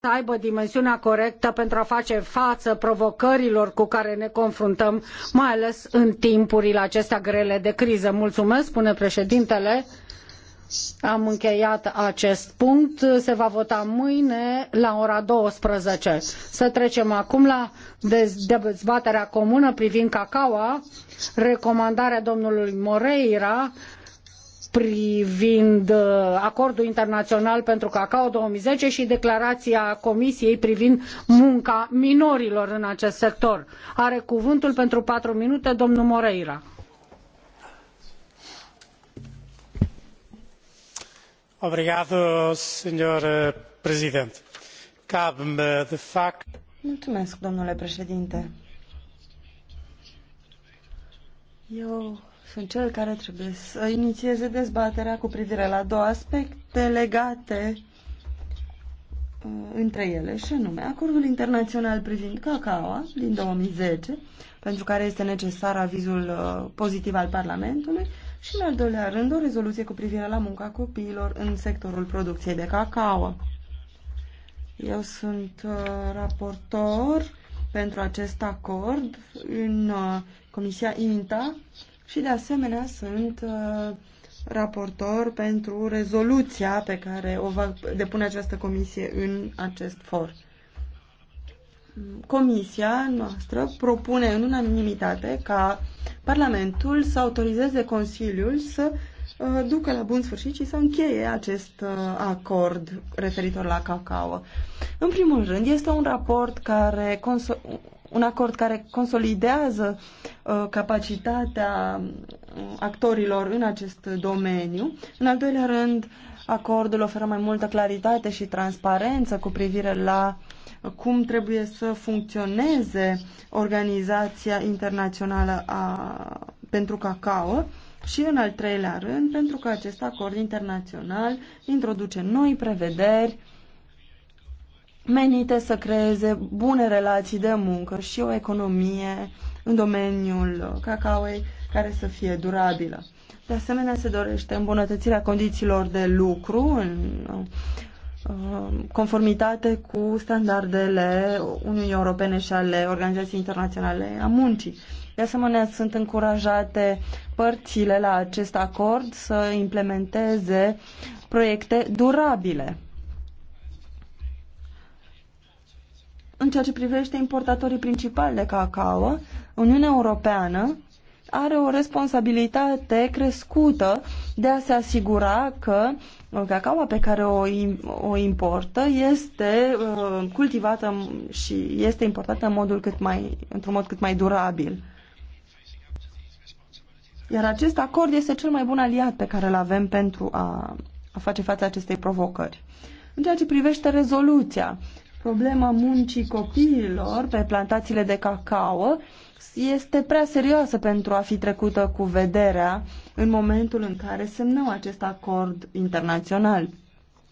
să aibă dimensiunea corectă pentru a face față provocărilor cu care ne confruntăm, mai ales în timpurile acestea grele de criză. Mulțumesc, spune președintele. Am încheiat acest punct. Se va vota mâine la ora 12. Să trecem acum la dezbaterea comună privind cacaua, recomandarea domnului Moreira privind uh, acordul internațional pentru cacao 2010 și declarația Comisiei privind munca minorilor în acest sector. Are cuvântul pentru patru minute domnul Moreira. Obrigado, senhor uh, presidente. Cabe-me, de Mulțumesc, domnule președinte. Eu sunt cel care trebuie să inițieze dezbaterea cu privire la două aspecte legate uh, între ele, și anume acordul internațional privind cacao din 2010, pentru care este necesar avizul uh, pozitiv al Parlamentului, și în al doilea rând o rezoluție cu privire la munca copiilor în sectorul producției de cacao. Eu sunt uh, raportor pentru acest acord în uh, Comisia INTA și de asemenea sunt uh, raportor pentru rezoluția pe care o va depune această comisie în acest for. Comisia noastră propune în unanimitate ca Parlamentul să autorizeze Consiliul să uh, ducă la bun sfârșit și să încheie acest uh, acord referitor la cacao. În primul rând, este un raport care un acord care consolidează uh, capacitatea mm, actorilor în acest domeniu. În al doilea rând, acordul oferă mai multă claritate și transparență cu privire la cum trebuie să funcționeze Organizația Internațională a, pentru Cacao și, în al treilea rând, pentru că acest acord internațional introduce noi prevederi uh, menite să creeze bune relații de muncă și o economie în domeniul cacaoei care să fie durabilă. De asemenea, se dorește îmbunătățirea condițiilor de lucru în uh, conformitate cu standardele Uniunii Europene și ale Organizației Internaționale a Muncii. De asemenea, sunt încurajate părțile la acest acord să implementeze proiecte durabile. În ceea ce privește importatorii principali de cacao, Uniunea Europeană are o responsabilitate crescută de a se asigura că uh, cacaoa pe care o, o importă este uh, cultivată și este importată în modul cât mai, într-un mod cât mai durabil. Iar acest acord este cel mai bun aliat pe care îl avem pentru a, a face față acestei provocări. În ceea ce privește rezoluția, problema muncii copiilor pe plantațiile de cacao este prea serioasă pentru a fi trecută cu vederea în momentul în care semnăm acest acord internațional.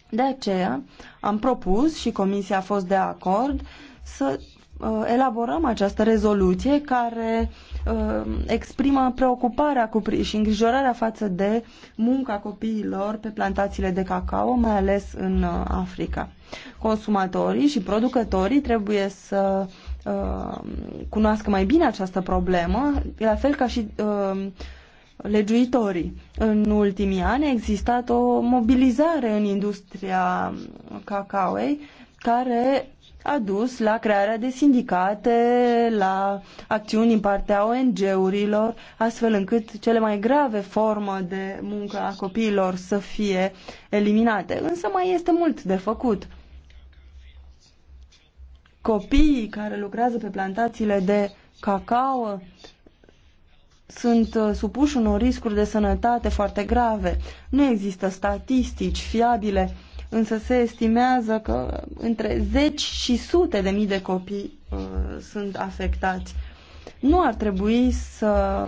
De aceea am propus și Comisia a fost de acord să uh, elaborăm această rezoluție care Uh, exprimă preocuparea și îngrijorarea față de munca copiilor pe plantațiile de cacao, mai ales în uh, Africa. Consumatorii și producătorii trebuie să uh, cunoască mai bine această problemă, la fel ca și legiuitorii. În ultimii ani a existat o mobilizare în industria cacaoei care a dus la crearea de sindicate, la acțiuni din partea ONG-urilor, astfel încât cele mai grave formă de muncă a copiilor să fie eliminate. Însă mai este mult de făcut. Copiii care lucrează pe plantațiile de cacao sunt uh, supuși unor riscuri de sănătate foarte grave. Nu există statistici fiabile însă se estimează că între zeci și sute de mii de copii uh, sunt afectați. Nu ar trebui să,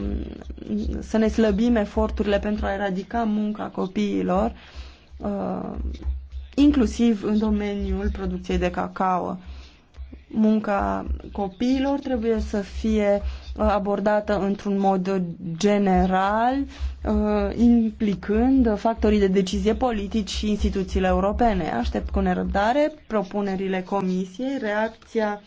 să ne slăbim eforturile pentru a eradica munca copiilor, uh, inclusiv în domeniul producției de cacao. Munca copiilor trebuie să fie abordată într-un mod general, uh, implicând factorii de decizie politici și instituțiile europene. Aștept cu nerăbdare propunerile comisiei, reacția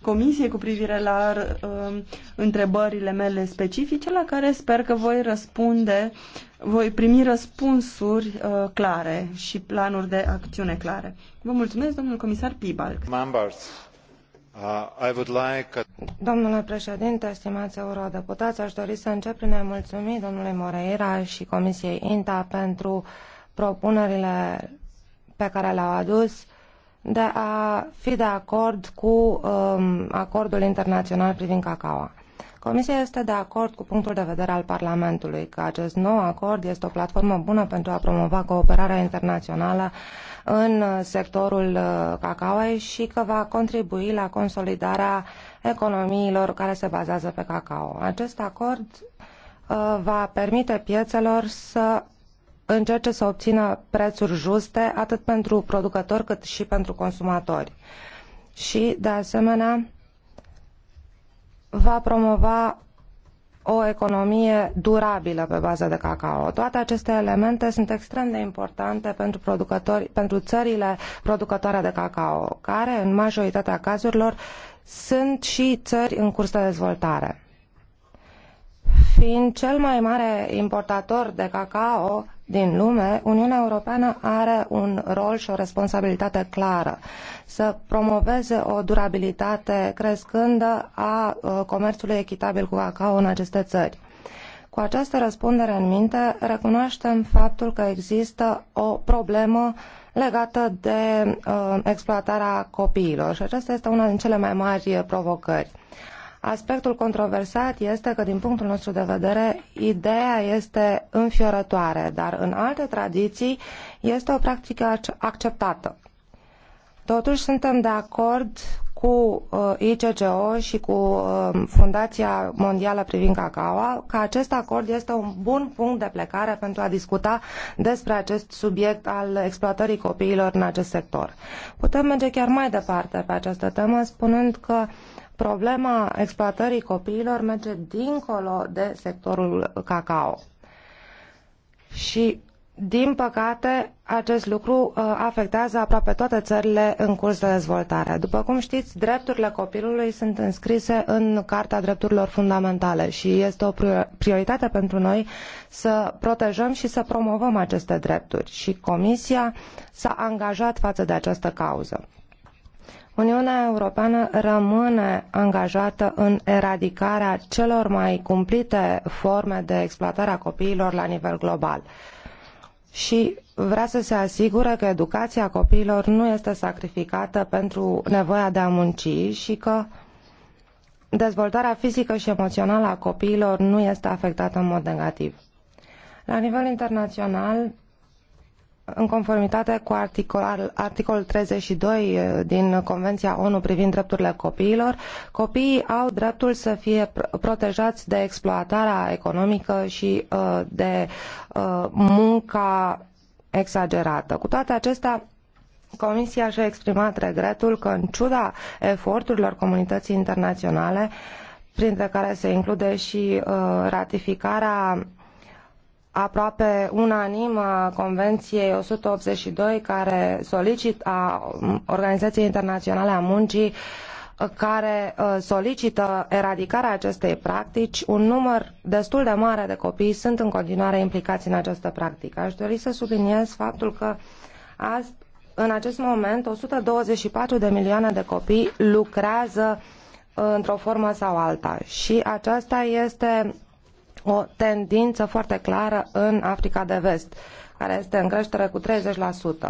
comisiei cu privire la uh, întrebările mele specifice, la care sper că voi răspunde, voi primi răspunsuri uh, clare și planuri de acțiune clare. Vă mulțumesc, domnul comisar Pibalc. Members. Uh, Domnule președinte, stimai eurodeputai a dori să încep prin a-i mulțumi domnului Moreira și Comisiei INTA pentru propunerile pe care le-au adus de a fi de acord cu um, acordul internațional privind cacao. Comisia este de acord cu punctul de vedere al Parlamentului că acest nou acord este o platformă bună pentru a promova cooperarea internațională în sectorul uh, cacaoi și că va contribui la consolidarea economiilor care se bazează pe cacao. Acest acord uh, va permite piețelor să încerce să obțină prețuri juste atât pentru producători cât și pentru consumatori. Și, de asemenea, va promova o economie durabilă pe bază de cacao. Toate aceste elemente sunt extrem de importante pentru, producători, pentru țările producătoare de cacao, care în majoritatea cazurilor sunt și țări în curs de dezvoltare. Fiind cel mai mare importator de cacao din lume, Uniunea Europeană are un rol și o responsabilitate clară să promoveze o durabilitate crescândă a uh, comerțului echitabil cu cacao în aceste țări. Cu această răspundere în minte, recunoaștem faptul că există o problemă legată de uh, exploatarea copiilor și aceasta este una din cele mai mari provocări. Aspectul controversat este că, din punctul nostru de vedere, ideea este înfiorătoare, dar în alte tradiții este o practică acceptată. Totuși, suntem de acord cu uh, ICCO și cu uh, Fundația Mondială privind cacao că acest acord este un bun punct de plecare pentru a discuta despre acest subiect al exploatării copiilor în acest sector. Putem merge chiar mai departe pe această temă spunând că problema exploatării copiilor merge dincolo de sectorul cacao. Și, din păcate, acest lucru uh, afectează aproape toate țările în curs de dezvoltare. După cum știți, drepturile copilului sunt înscrise în Carta Drepturilor Fundamentale și este o prioritate pentru noi să protejăm și să promovăm aceste drepturi și Comisia s-a angajat față de această cauză. Uniunea Europeană rămâne angajată în eradicarea celor mai cumplite forme de exploatare a copiilor la nivel global și vrea să se asigure că educația copiilor nu este sacrificată pentru nevoia de a munci și că dezvoltarea fizică și emoțională a copiilor nu este afectată în mod negativ. La nivel internațional, în conformitate cu articolul 32 uh, din Convenția ONU privind drepturile copiilor, copiii au dreptul să fie protejați de exploatarea economică și uh, de uh, munca exagerată. Cu toate acestea, Comisia și-a exprimat regretul că, în ciuda eforturilor comunității internaționale, printre care se include și ratificarea aproape unanim a Convenției 182 care solicit a Organizației Internaționale a Muncii care uh, solicită eradicarea acestei practici, un număr destul de mare de copii sunt în continuare implicați în această practică. Aș dori să subliniez faptul că azi, în acest moment 124 de milioane de copii lucrează uh, într-o formă sau alta și aceasta este o tendință foarte clară în Africa de Vest, care este în creștere cu 30%.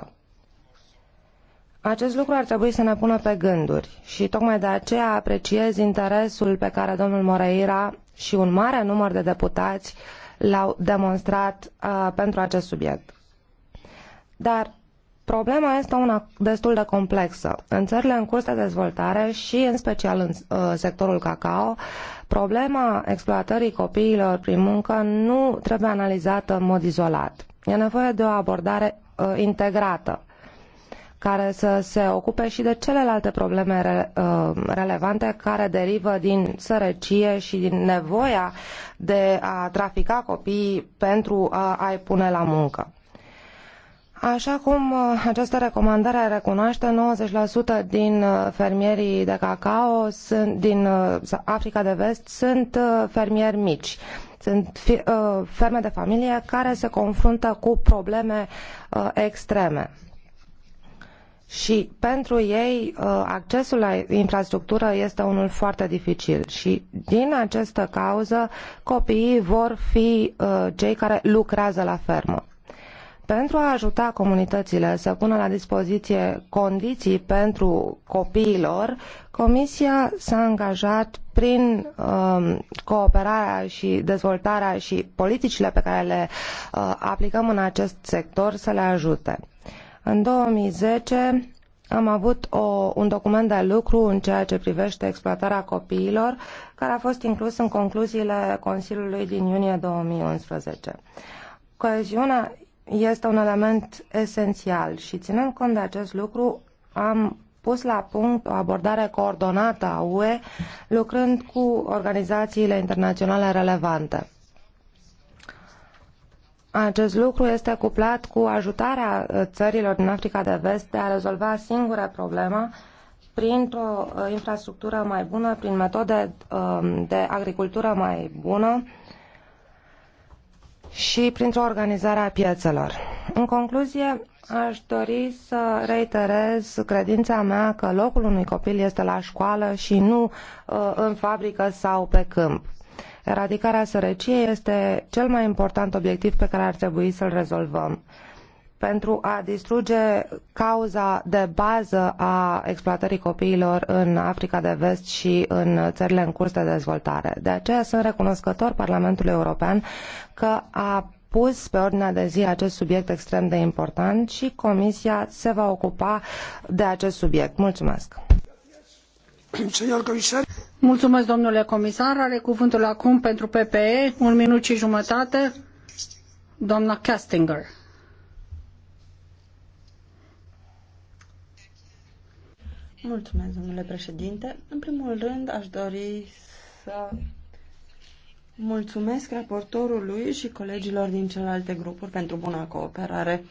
Acest lucru ar trebui să ne pună pe gânduri și tocmai de aceea apreciez interesul pe care domnul Moreira și un mare număr de deputați l-au demonstrat uh, pentru acest subiect. Dar Problema este una destul de complexă. În țările în curs de dezvoltare și în special în uh, sectorul cacao, problema exploatării copiilor prin muncă nu trebuie analizată în mod izolat. E nevoie de o abordare uh, integrată care să se ocupe și de celelalte probleme uh, relevante care derivă din sărăcie și din nevoia de a trafica copiii pentru a-i pune la muncă. Așa cum uh, această recomandare recunoaște, 90% din uh, fermierii de cacao sunt, din uh, Africa de Vest sunt fermieri mici. Sunt ferme de familie care se confruntă cu probleme extreme. Și pentru ei accesul la infrastructură este unul foarte dificil și din această cauză copiii vor fi cei care lucrează la fermă. Pentru a ajuta comunitățile să pună la dispoziție condiții pentru copiilor, Comisia s-a angajat prin uh, cooperarea și dezvoltarea și politicile pe care le uh, aplicăm în acest sector să le ajute. În 2010 am avut o, un document de lucru în ceea ce privește exploatarea copiilor, care a fost inclus în concluziile Consiliului din iunie 2011. Coeziunea este un element esențial și ținând cont de acest lucru am pus la punct o abordare coordonată a UE lucrând cu organizațiile internaționale relevante. Acest lucru este cuplat cu ajutarea uh, țărilor din Africa de Vest de a rezolva singura problema printr-o uh, infrastructură mai bună, prin metode um, de agricultură mai bună, și printr-o organizare a piețelor. În concluzie, aș dori să reiterez credința mea că locul unui copil este la școală și nu uh, în fabrică sau pe câmp. Eradicarea sărăciei este cel mai important obiectiv pe care ar trebui să-l rezolvăm pentru a distruge cauza de bază a exploatării copiilor în Africa de Vest și în țările în curs de dezvoltare. De aceea sunt recunoscător Parlamentului European că a pus pe ordinea de zi acest subiect extrem de important și Comisia se va ocupa de acest subiect. Mulțumesc! Mulțumesc, domnule comisar. Are cuvântul acum pentru PPE, un minut și jumătate, doamna Castinger Mulțumesc, domnule președinte. În primul rând, aș dori să mulțumesc raportorului și colegilor din celelalte grupuri pentru buna cooperare.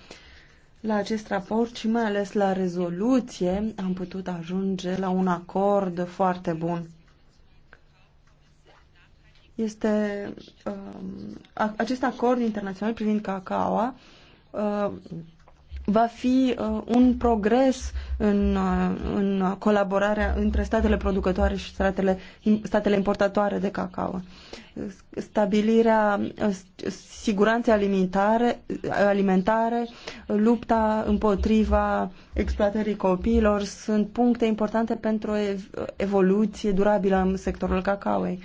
La acest raport și mai ales la rezoluție am putut ajunge la un acord foarte bun. Este um, acest acord internațional privind cacaoa uh, va fi uh, un progres în, uh, în colaborarea între statele producătoare și statele, statele importatoare de cacao. Stabilirea uh, siguranței alimentare, alimentare, lupta împotriva exploatării copiilor sunt puncte importante pentru evoluție durabilă în sectorul cacaoei.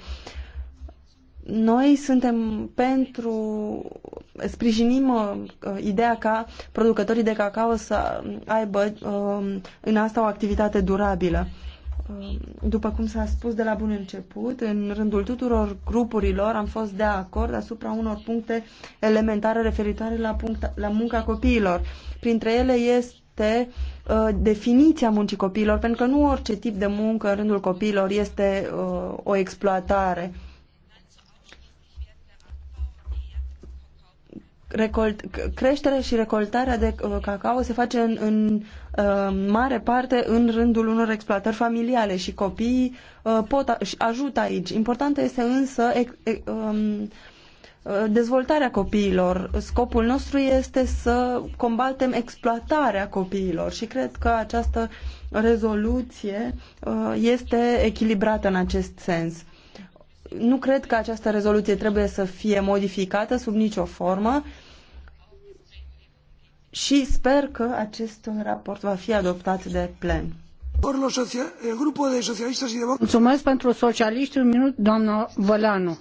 Noi suntem pentru, sprijinim uh, uh, ideea ca producătorii de cacao să aibă uh, în asta o activitate durabilă. Uh, după cum s-a spus de la bun început, în rândul tuturor grupurilor am fost de acord asupra unor puncte elementare referitoare la, punct, la munca copiilor. Printre ele este uh, definiția muncii copiilor, pentru că nu orice tip de muncă în rândul copiilor este uh, o exploatare. recolt, creșterea și recoltarea de uh, cacao se face în, în uh, mare parte în rândul unor exploatări familiale și copiii uh, pot a, ajută aici. Importantă este însă um, uh, dezvoltarea copiilor. Scopul nostru este să combatem exploatarea copiilor și cred că această rezoluție uh, este echilibrată în acest sens nu cred că această rezoluție trebuie să fie modificată sub nicio formă și sper că acest raport va fi adoptat de plen. Mulțumesc pentru socialiști. Un minut, doamna Vălanu.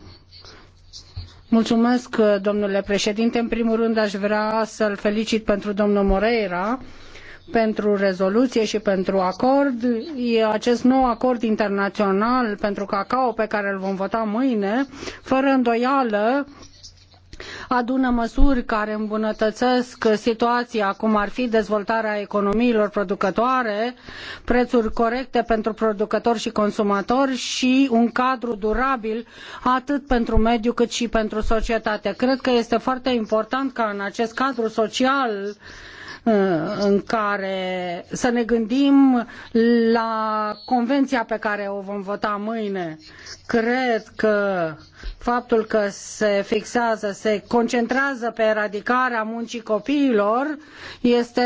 Mulțumesc, domnule președinte. În primul rând, aș vrea să-l felicit pentru domnul Moreira pentru rezoluție și pentru acord. Acest nou acord internațional pentru cacao pe care îl vom vota mâine, fără îndoială, adună măsuri care îmbunătățesc situația, cum ar fi dezvoltarea economiilor producătoare, prețuri corecte pentru producători și consumatori și un cadru durabil atât pentru mediu cât și pentru societate. Cred că este foarte important ca în acest cadru social uh, Uh, în care să ne gândim la convenția pe care o vom vota mâine. Cred că faptul că se fixează, se concentrează pe eradicarea muncii copiilor este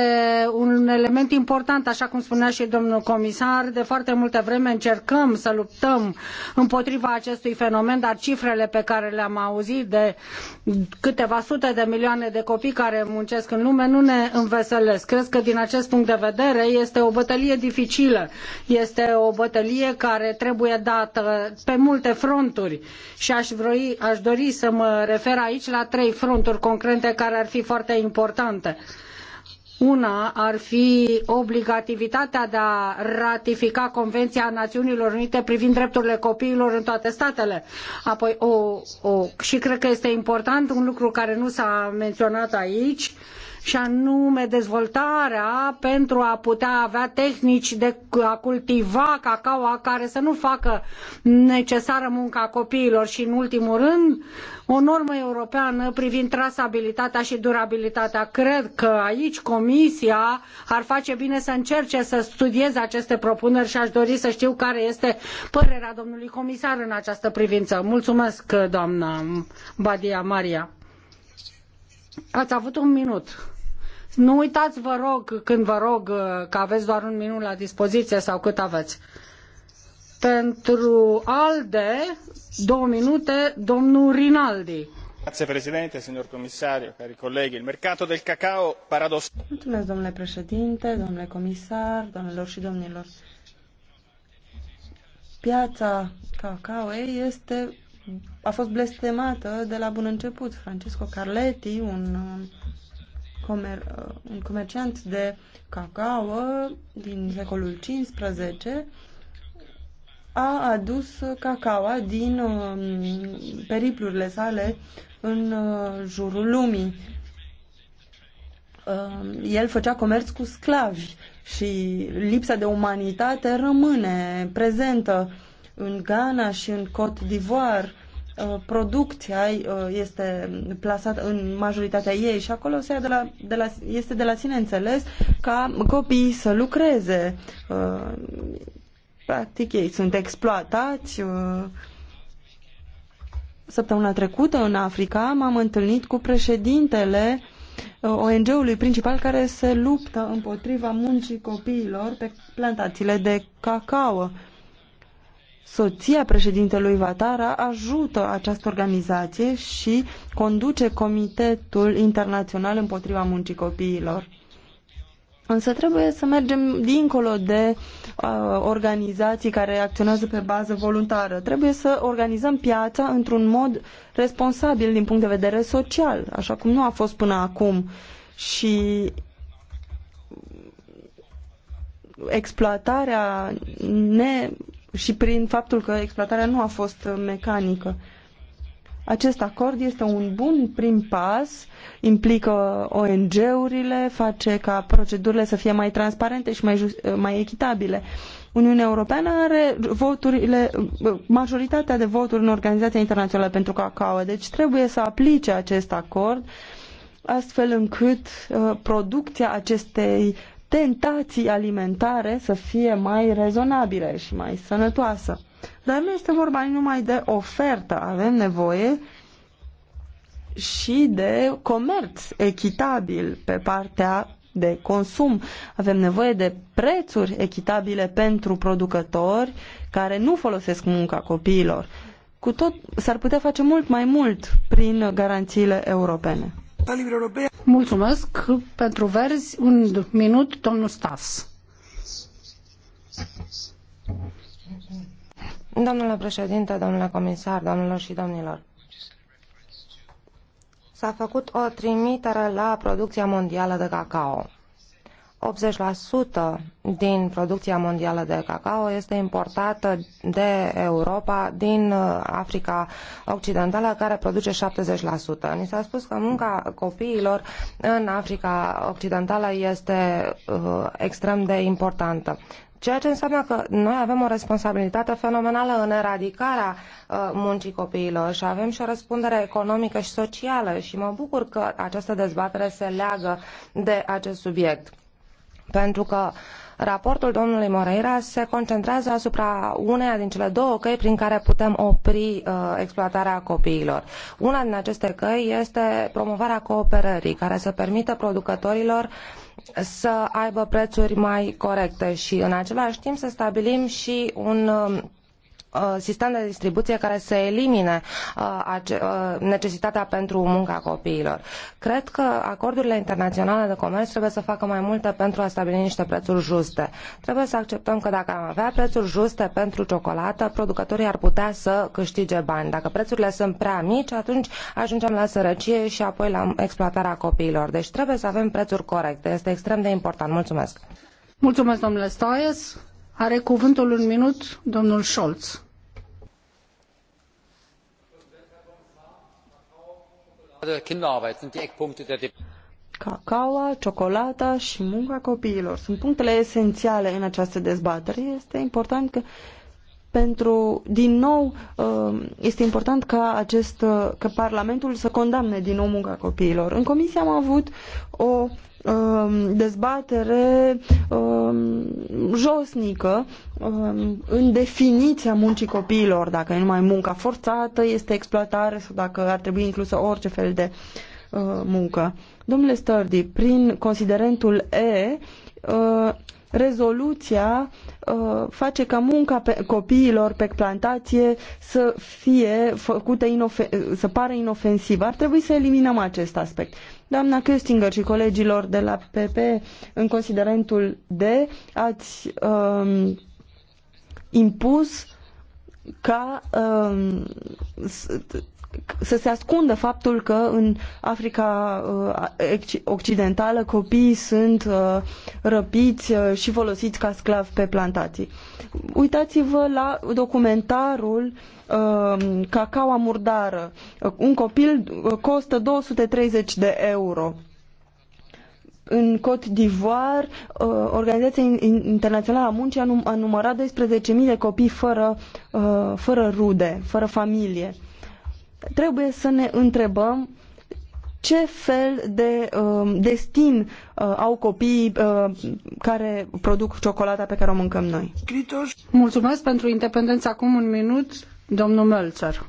un element important, așa cum spunea și domnul comisar. De foarte multă vreme încercăm să luptăm împotriva acestui fenomen, dar cifrele pe care le-am auzit de câteva sute de milioane de copii care muncesc în lume nu ne învăț să le că Din acest punct de vedere, este o bătălie dificilă. Este o bătălie care trebuie dată pe multe fronturi și aș, vroi, aș dori să mă refer aici la trei fronturi concrete care ar fi foarte importante. Una ar fi obligativitatea de a ratifica Convenția Națiunilor Unite privind drepturile copiilor în toate statele. Apoi, o, o, și cred că este important un lucru care nu s-a menționat aici, uh, și anume dezvoltarea pentru a putea avea tehnici de a cultiva cacao care să nu facă necesară munca copiilor și în ultimul rând o normă europeană privind trasabilitatea și durabilitatea. Cred că aici Comisia ar face bine să încerce să studieze aceste propuneri și aș dori să știu care este părerea domnului comisar în această privință. Mulțumesc, doamna Badia Maria. Ați avut un minut. Nu uitați, vă rog, când vă rog uh, că aveți doar un minut la dispoziție sau cât aveți. Pentru ALDE, două minute, domnul Rinaldi. Grazie Presidente, signor Commissario, cari colleghi. Il mercato del cacao paradossalmente... Mulțumesc, domnule președinte, domnule comisar, domnilor și domnilor. Piața cacaoei este, a fost blestemată de la bun început. Francesco Carletti, un comer- uh, un comerciant de cacao din secolul 15 a adus cacaoa din um, periplurile sale în uh, jurul lumii. Um, el făcea comerț cu sclavi și lipsa de umanitate rămâne prezentă în Ghana și în Cote d'Ivoire Uh, producția uh, este plasată în majoritatea ei și acolo se ia de la, de la, este de la sine înțeles ca copiii să lucreze. Uh, practic ei sunt exploatați. Săptămâna trecută în Africa m-am întâlnit cu președintele ONG-ului principal care se luptă împotriva muncii copiilor pe plantațiile de cacao soția președintelui Vatara ajută această organizație și conduce Comitetul Internațional împotriva muncii copiilor. Însă trebuie să mergem dincolo de uh, organizații care acționează pe bază voluntară. Trebuie să organizăm piața într-un mod responsabil din punct de vedere social, așa cum nu a fost până acum. Și exploatarea ne și prin faptul că exploatarea nu a fost uh, mecanică. Acest acord este un bun prim pas, implică ONG-urile, face ca procedurile să fie mai transparente și mai, just, uh, mai echitabile. Uniunea Europeană are voturile, uh, majoritatea de voturi în Organizația Internațională pentru Cacao, deci trebuie să aplice acest acord astfel încât uh, producția acestei tentații alimentare să fie mai rezonabile și mai sănătoasă. Dar nu este vorba numai de ofertă, avem nevoie și de comerț echitabil pe partea de consum. Avem nevoie de prețuri echitabile pentru producători care nu folosesc munca copiilor. Cu tot s-ar putea face mult mai mult prin garanțiile europene. Mulțumesc pentru verzi. Un minut, domnul Stas. Domnule președinte, domnule comisar, domnilor și domnilor, s-a făcut o trimitere la producția mondială de cacao. 80% din producția mondială de cacao este importată de Europa din uh, Africa Occidentală, care produce 70%. Ni s-a spus că munca copiilor în Africa Occidentală este uh, extrem de importantă. Ceea ce înseamnă că noi avem o responsabilitate fenomenală în eradicarea uh, muncii copiilor și avem și o răspundere economică și socială și mă bucur că această dezbatere se leagă de acest subiect. Pentru că raportul domnului Moreira se concentrează asupra uneia din cele două căi prin care putem opri uh, exploatarea copiilor. Una din aceste căi este promovarea cooperării, care să permită producătorilor să aibă prețuri mai corecte și în același timp să stabilim și un uh, Uh, sistem de distribuție care să elimine uh, uh, necesitatea pentru munca copiilor. Cred că acordurile internaționale de comerț trebuie să facă mai multe pentru a stabili niște prețuri juste. Trebuie să acceptăm că dacă am avea prețuri juste pentru ciocolată, producătorii ar putea să câștige bani. Dacă prețurile sunt prea mici, atunci ajungem la sărăcie și apoi la exploatarea copiilor. Deci trebuie să avem prețuri corecte. Este extrem de important. Mulțumesc! Mulțumesc, domnule Stoies! Are cuvântul un minut domnul Scholz. Äh, Cacaua, ciocolata și munca copiilor sunt punctele esențiale în această dezbatere. Este important că pentru, din nou, uh, este important ca, acest, uh, ca Parlamentul să condamne din nou munca copiilor. În comisie am avut o uh, dezbatere josnică în definiția muncii copiilor, dacă e numai munca forțată, este exploatare sau dacă ar trebui inclusă orice fel de muncă. Domnule Sturdy, prin considerentul E, rezoluția uh, face ca munca pe, copiilor pe plantație să fie făcută să pară inofensivă. Ar trebui să eliminăm acest aspect. Doamna Köstinger și colegilor de la PP în considerentul D ați um, impus ca um, să se ascundă faptul că în Africa uh, Occidentală copiii sunt uh, răpiți uh, și folosiți ca sclavi pe plantații. Uitați-vă la documentarul Cacaua murdară. Un copil costă 230 de euro în Cote d'Ivoire, Organizația Internațională a Muncii a numărat 12.000 de copii fără, fără rude, fără familie trebuie să ne întrebăm ce fel de uh, destin uh, au copiii uh, care produc ciocolata pe care o mâncăm noi. Mulțumesc pentru independență. Acum un minut, domnul Mölzer.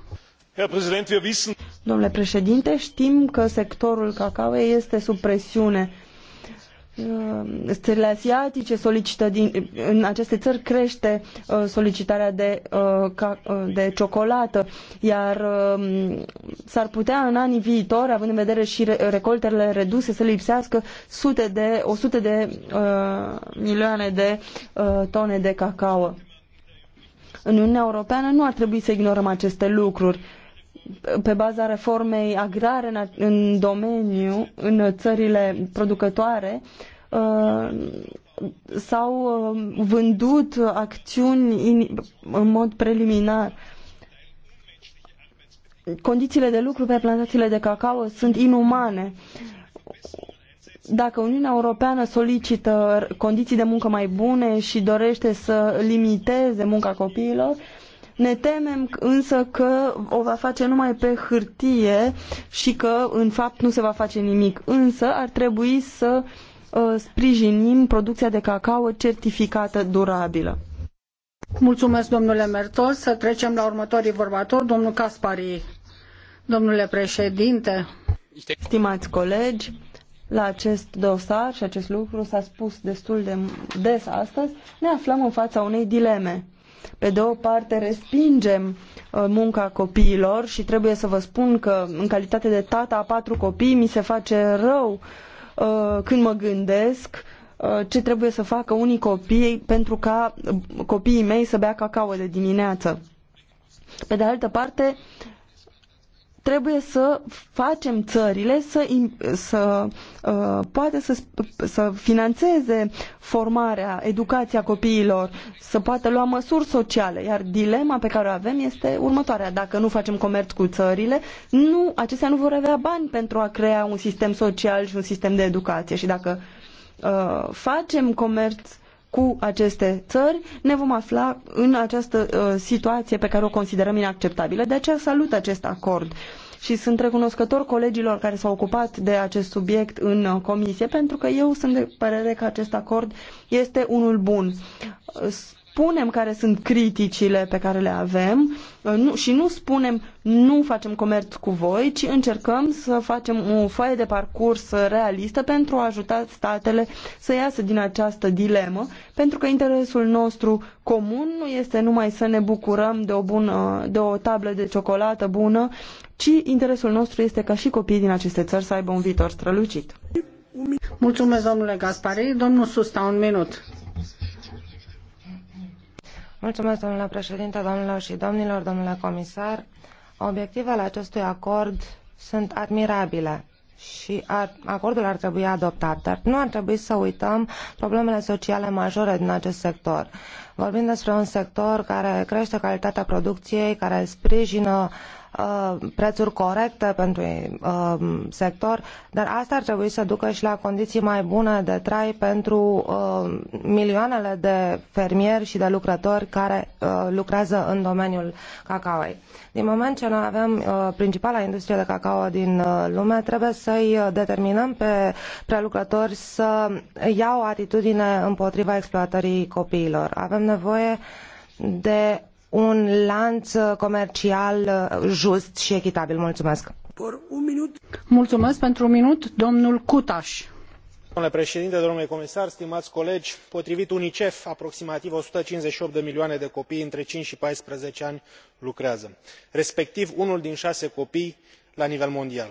Domnule președinte, știm că sectorul cacao este sub presiune Uh, țările asiatice solicită din, în aceste țări crește uh, solicitarea de, uh, de ciocolată, iar um, s-ar putea în anii viitori, având în vedere și recoltele reduse, să lipsească sute de, 100 de uh, milioane de uh, tone de cacao. În Uniunea Europeană nu ar trebui să ignorăm aceste lucruri. Uh, pe baza reformei agrare în, în domeniu, în țările producătoare, uh, s-au uh, vândut acțiuni in, în mod preliminar. Condițiile de lucru pe plantațiile de cacao sunt inumane. Dacă Uniunea Europeană solicită condiții de muncă mai bune și dorește să limiteze munca copiilor, uh, ne temem însă că o va face numai pe hârtie și că în fapt nu se va face nimic. Însă ar trebui să uh, sprijinim producția de cacao certificată durabilă. Mulțumesc, domnule Mertol. Să trecem la următorii vorbatori. Domnul Caspari, domnule președinte. Stimați colegi, la acest dosar și acest lucru s-a spus destul de des astăzi, ne aflăm în fața unei dileme pe de o parte, respingem uh, munca copiilor și trebuie să vă spun că, în calitate de tata a patru copii, mi se face rău uh, când mă gândesc uh, ce trebuie să facă unii copii pentru ca copiii mei să bea cacao de dimineață. Pe de altă parte, trebuie să facem țările să, să uh, poate să, să financeze formarea, educația copiilor, să poată lua măsuri sociale. Iar dilema pe care o avem este următoarea. Dacă nu facem comerț cu țările, nu, acestea nu vor avea bani pentru a crea un sistem social și un sistem de educație. Și dacă uh, facem comerț cu aceste țări, ne vom afla în această uh, situație pe care o considerăm inacceptabilă. De aceea salut acest acord și sunt recunoscător colegilor care s-au ocupat de acest subiect în uh, comisie, pentru că eu sunt de părere că acest acord este unul bun spunem care sunt criticile pe care le avem uh, nu, și nu spunem nu facem comerț cu voi, ci încercăm să facem o foaie de parcurs realistă pentru a ajuta statele să iasă din această dilemă, pentru că interesul nostru comun nu este numai să ne bucurăm de o, bună, de o tablă de ciocolată bună, ci interesul nostru este ca și copiii din aceste țări să aibă un viitor strălucit. Mulțumesc, domnule Gaspari. Domnul Susta, un minut. Mulțumesc, domnule președinte, domnilor și domnilor, domnule comisar. Obiectivele acestui acord sunt admirabile și ar, acordul ar trebui adoptat, dar nu ar trebui să uităm problemele sociale majore din acest sector. Vorbim despre un sector care crește calitatea producției, care sprijină uh, Uh, prețuri corecte pentru uh, sector, dar asta ar trebui să ducă și la condiții mai bune de trai pentru uh, milioanele de fermieri și de lucrători care lucrează în domeniul cacaoei. Din moment ce noi avem principala industrie de cacao din lume, trebuie să-i determinăm pe prelucrători să ia o atitudine împotriva exploatării copiilor. Avem nevoie de un lanț comercial uh, just și echitabil. Mulțumesc! Mulțumesc pentru un minut, domnul Cutaș. Domnule președinte, domnule comisar, stimați colegi, potrivit UNICEF, aproximativ 158 de milioane de copii între 5 și 14 ani lucrează, respectiv unul din șase copii la nivel mondial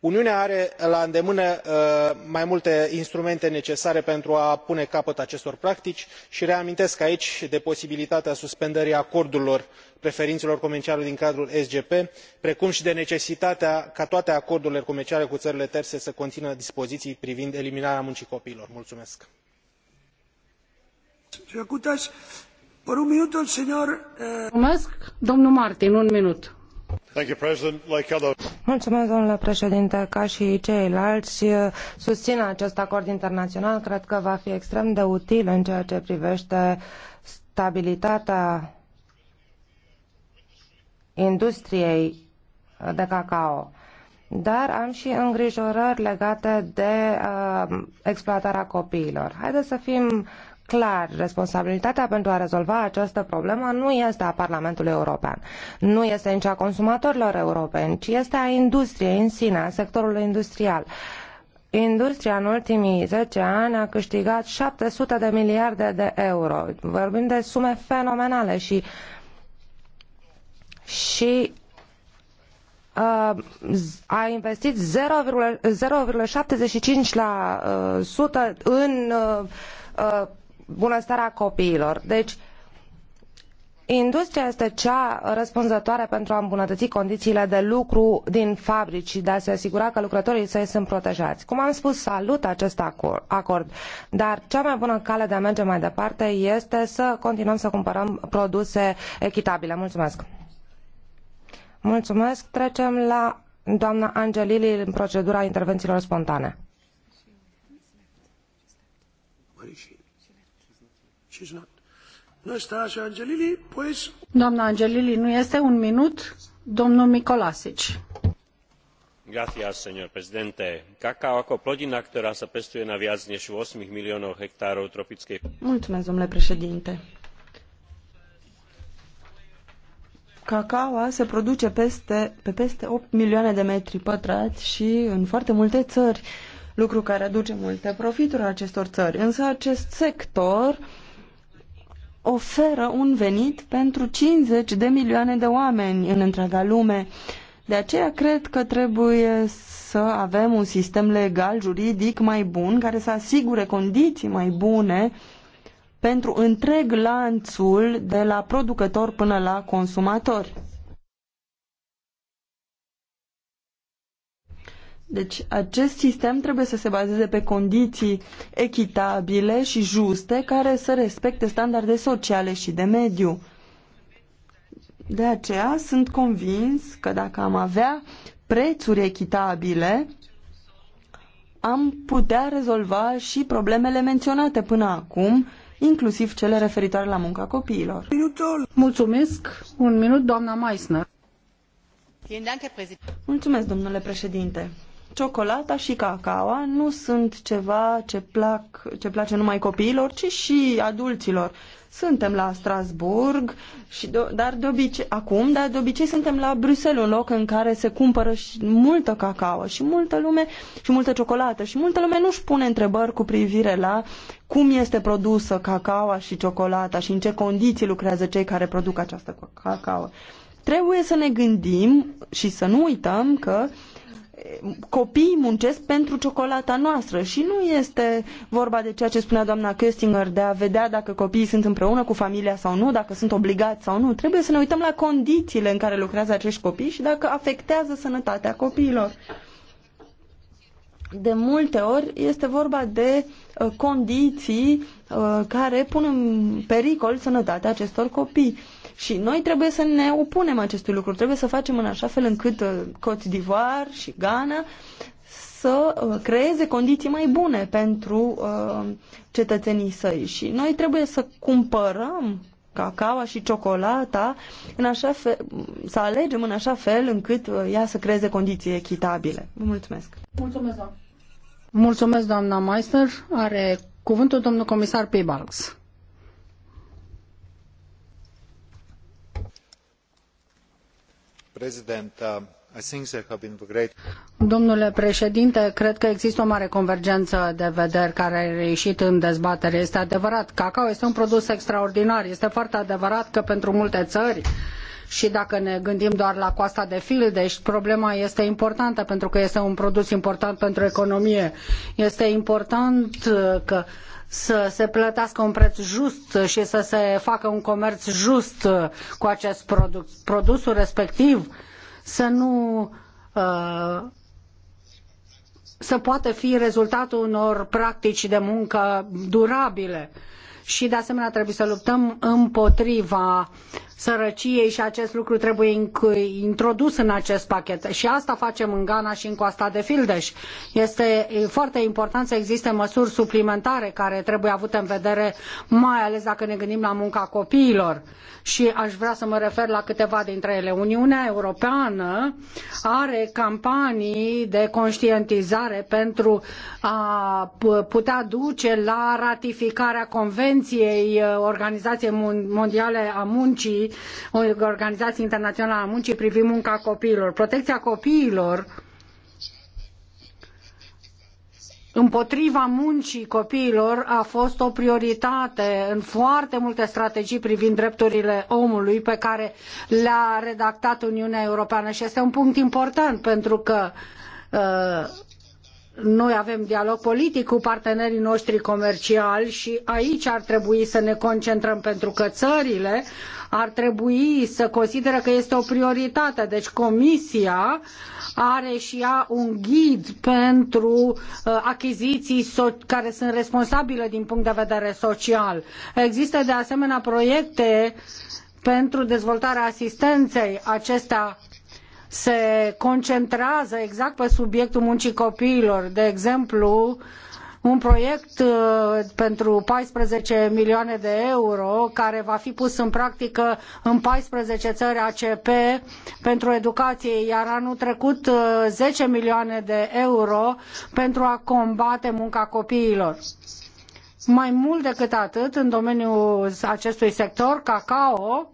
uniunea are la îndemână uh, mai multe instrumente necesare pentru a pune capăt acestor practici i reamintesc aici de posibilitatea suspendării acordurilor preferinelor comerciale din cadrul sgp precum i de necesitatea ca toate acordurile comerciale cu ările tere să conină dispoziii privind eliminarea muncii copiilor. un minut ca i ceilali eh, susin acest acord internaional cred că va fi extrem de util în ceea ce privete stabilitatea industriei de cacao dar am și îngrijorări legate de eh, exploatarea copiilor. haidei să fim clar, responsabilitatea pentru a rezolva această problemă nu este a Parlamentului European, nu este nici a consumatorilor europeni, ci este a industriei în sine, a sectorului industrial. Industria în ultimii zece ani a câștigat 700 de miliarde de euro. Vorbim de sume fenomenale și și uh, a investit 0,75% uh, în uh, bunăstarea copiilor. Deci, industria este cea răspunzătoare pentru a îmbunătăți condițiile de lucru din fabrici și de a se asigura că lucrătorii săi sunt protejați. Cum am spus, salut acest acord, dar cea mai bună cale de a merge mai departe este să continuăm să cumpărăm produse echitabile. Mulțumesc! Mulțumesc! Trecem la doamna Angelili în procedura intervențiilor spontane. Doamna Angelili nu este un minut. Domnul Mikolasic. Gracias, señor presidente. Kakao ako plodina, ktorá sa pestuje na viac než 8 miliónov hektárov tropickej... Mulțumesc, domnule președinte. Cacaoa se produce peste, pe peste 8 milioane de metri pătrați și în foarte multe țări, lucru care aduce multe profituri acestor țări. Însă acest sector uh, oferă un venit pentru 50 de milioane de oameni în întreaga lume. De aceea cred că trebuie să avem un sistem legal, juridic mai bun, care să asigure condiții mai bune pentru întreg lanțul de la producător până la consumatori. Deci acest sistem trebuie să se bazeze pe condiții echitabile și juste care să respecte standarde sociale și de mediu. De aceea sunt convins că dacă am avea prețuri echitabile, am putea rezolva și problemele menționate până acum, inclusiv cele referitoare la munca copiilor. Mulțumesc. Un minut, doamna Meissner. Mulțumesc, domnule președinte ciocolata și cacaoa nu sunt ceva ce, plac, ce place numai copiilor, ci și adulților. Suntem la Strasburg, și de, dar de obicei, acum, dar de obicei suntem la Bruxelles, un loc în care se cumpără și multă cacao și multă lume și multă ciocolată și multă lume nu-și pune întrebări cu privire la cum este produsă cacaoa și ciocolata și în ce condiții lucrează cei care produc această cacao. Trebuie să ne gândim și să nu uităm că uh, copiii muncesc pentru ciocolata noastră și nu este vorba de ceea ce spunea doamna Köstinger de a vedea dacă copiii sunt împreună cu familia sau nu, dacă sunt obligați sau nu. Trebuie să ne uităm la condițiile în care lucrează acești copii și dacă afectează sănătatea copiilor de multe ori este vorba de uh, condiții uh, care pun în pericol sănătatea acestor copii. Și noi trebuie să ne opunem acestui lucru. Trebuie să facem în așa fel încât uh, Cote d'Ivoire și Ghana să uh, creeze condiții mai bune pentru cetățenii săi. Și noi trebuie să cumpărăm cacaua și ciocolata, în așa fel, să alegem în așa fel încât uh, ea să creeze condiții echitabile. Vă mulțumesc! Mulțumesc, doamna! Mulțumesc, doamna Meister. Are cuvântul domnul comisar Pibalx. President, uh... Domnule președinte, cred că există o mare convergență de vederi care a reuit în dezbatere. Este adevărat, cacao este un produs extraordinar. Este foarte adevărat că pentru multe țări și dacă ne gândim doar la coasta de Fildeș, problema este importantă pentru că este un produs important pentru economie. Este important uh, că să se plătească un preț just și să se facă un comerț just uh, cu acest produs. Produsul respectiv uh, să nu uh, să poată fi rezultatul unor practici de muncă durabile. Uh, și de asemenea trebuie să luptăm împotriva sărăciei și acest lucru trebuie introdus în acest pachet. Și asta facem în Ghana și în Coasta de Fildeș. Este foarte important să existe măsuri suplimentare care trebuie avute în vedere, mai ales dacă ne gândim la munca copiilor. Și aș vrea să mă refer la câteva dintre ele. Uniunea Europeană are campanii de conștientizare pentru a putea duce la ratificarea convenției Convenției uh, Organizației Mondiale a Muncii, Organizației Internaționale a Muncii privind munca copiilor. Protecția copiilor împotriva muncii copiilor a fost o prioritate în foarte multe strategii privind drepturile omului pe care le-a redactat Uniunea Europeană și este un punct important pentru că uh, noi avem dialog politic cu partenerii noștri comerciali și aici ar trebui să ne concentrăm pentru că țările ar trebui să consideră că este o prioritate. Deci Comisia are și ea un ghid pentru uh, achiziții care sunt responsabile din punct de vedere social. Există de asemenea proiecte pentru dezvoltarea asistenței. Acestea se concentrează exact pe subiectul muncii copiilor. De exemplu, un proiect uh, pentru 14 milioane de euro care va fi pus în practică în 14 țări ACP pentru educație, iar anul trecut 10 uh, milioane de euro pentru a combate munca copiilor. Mai mult decât atât, în domeniul acestui sector, cacao,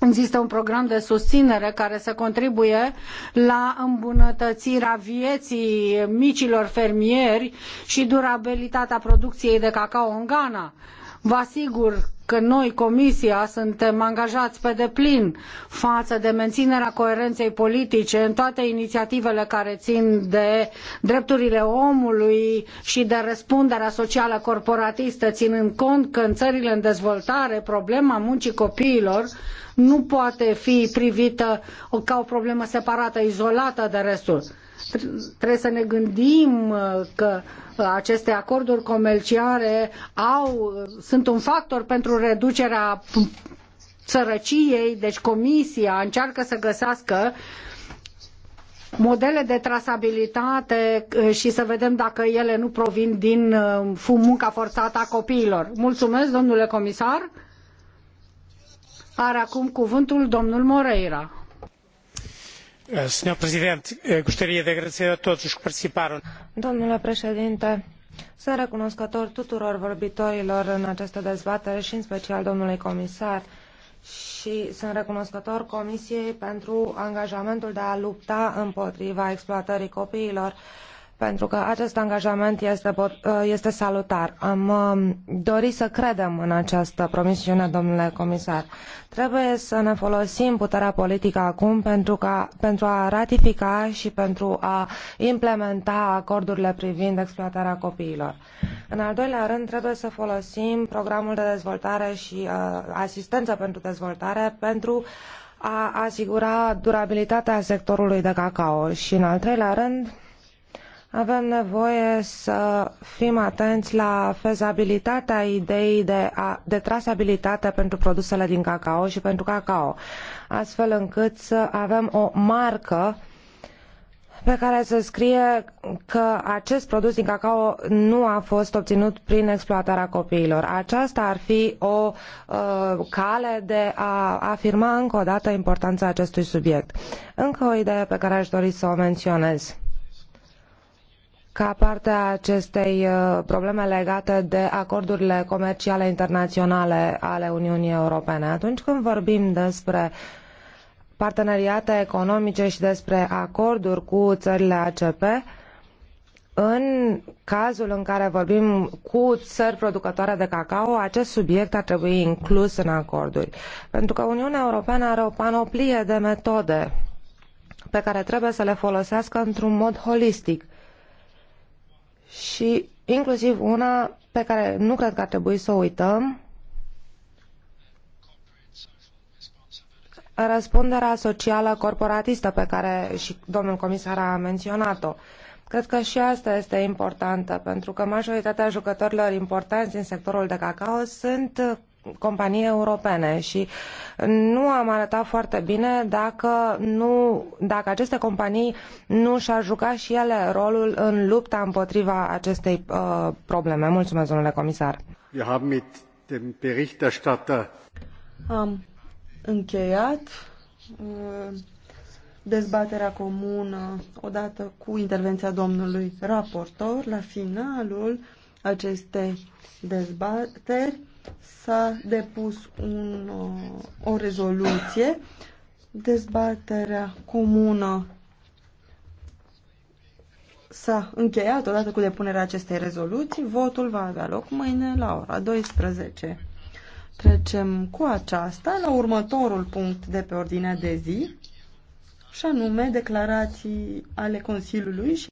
Există un program de susținere care să contribuie la îmbunătățirea vieții micilor fermieri și durabilitatea producției de cacao în Ghana. Vă asigur că noi, Comisia, suntem angajați pe deplin față de menținerea coerenței politice în toate inițiativele care țin de drepturile omului și de răspunderea socială corporatistă, ținând cont că în țările în dezvoltare problema muncii copiilor nu poate fi privită ca o problemă separată, izolată de restul trebuie să ne gândim uh, că uh, aceste acorduri comerciale au, uh, sunt un factor pentru reducerea sărăciei, deci comisia încearcă să găsească modele de trasabilitate și să vedem dacă ele nu provin din munca forțată a copiilor. Mulțumesc, domnule comisar. Are acum cuvântul domnul Moreira. Э, э, Domnule președinte, sunt recunoscător tuturor vorbitorilor în această dezbatere și în special domnului comisar și sunt recunoscător Comisiei pentru angajamentul de a lupta împotriva exploatării copiilor pentru că acest angajament este, uh, este salutar. Am um, dorit să credem în această promisiune, domnule comisar. Trebuie să ne folosim puterea politică acum pentru, ca, pentru a ratifica și pentru a implementa acordurile privind exploatarea copiilor. În al doilea rând, trebuie să folosim programul de dezvoltare și uh, asistență pentru dezvoltare pentru a asigura durabilitatea sectorului de cacao. Și în al treilea rând, avem nevoie să fim atenți la fezabilitatea ideii de, a, de trasabilitate pentru produsele din cacao și pentru cacao, astfel încât să avem o marcă pe care să scrie că acest produs din cacao nu a fost obținut prin exploatarea copiilor. Aceasta ar fi o uh, cale de a afirma încă o dată importanța acestui subiect. Încă o idee pe care aș dori să o menționez ca parte a acestei uh, probleme legate de acordurile comerciale internaionale ale Uniunii Europene. Atunci când vorbim despre parteneriate economice și despre acorduri cu țările ACP, în cazul în care vorbim cu țări producătoare de cacao, acest subiect ar trebui inclus în acorduri. Pentru că Uniunea Europeană are o panoplie de metode pe care trebuie să le folosească într-un mod holistic și inclusiv una pe care nu cred că ar trebui să o uităm, răspunderea socială corporatistă pe care și domnul comisar a menționat-o. Cred că și asta este importantă, pentru că majoritatea jucătorilor importanți din sectorul de cacao sunt companii europene și nu am arătat foarte bine dacă, nu, dacă aceste companii nu și-ar juca și ele rolul în lupta împotriva acestei uh, probleme. Mulțumesc, domnule comisar. Wir haben mit dem Berichterstatter am încheiat uh, dezbaterea comună odată cu intervenția domnului raportor la finalul acestei dezbateri s-a depus un, uh, o rezoluție. Dezbaterea comună s-a încheiat odată cu depunerea acestei rezoluții. Votul va avea loc mâine la ora 12. Trecem cu aceasta la următorul punct de pe ordinea de zi, și anume declarații ale Consiliului și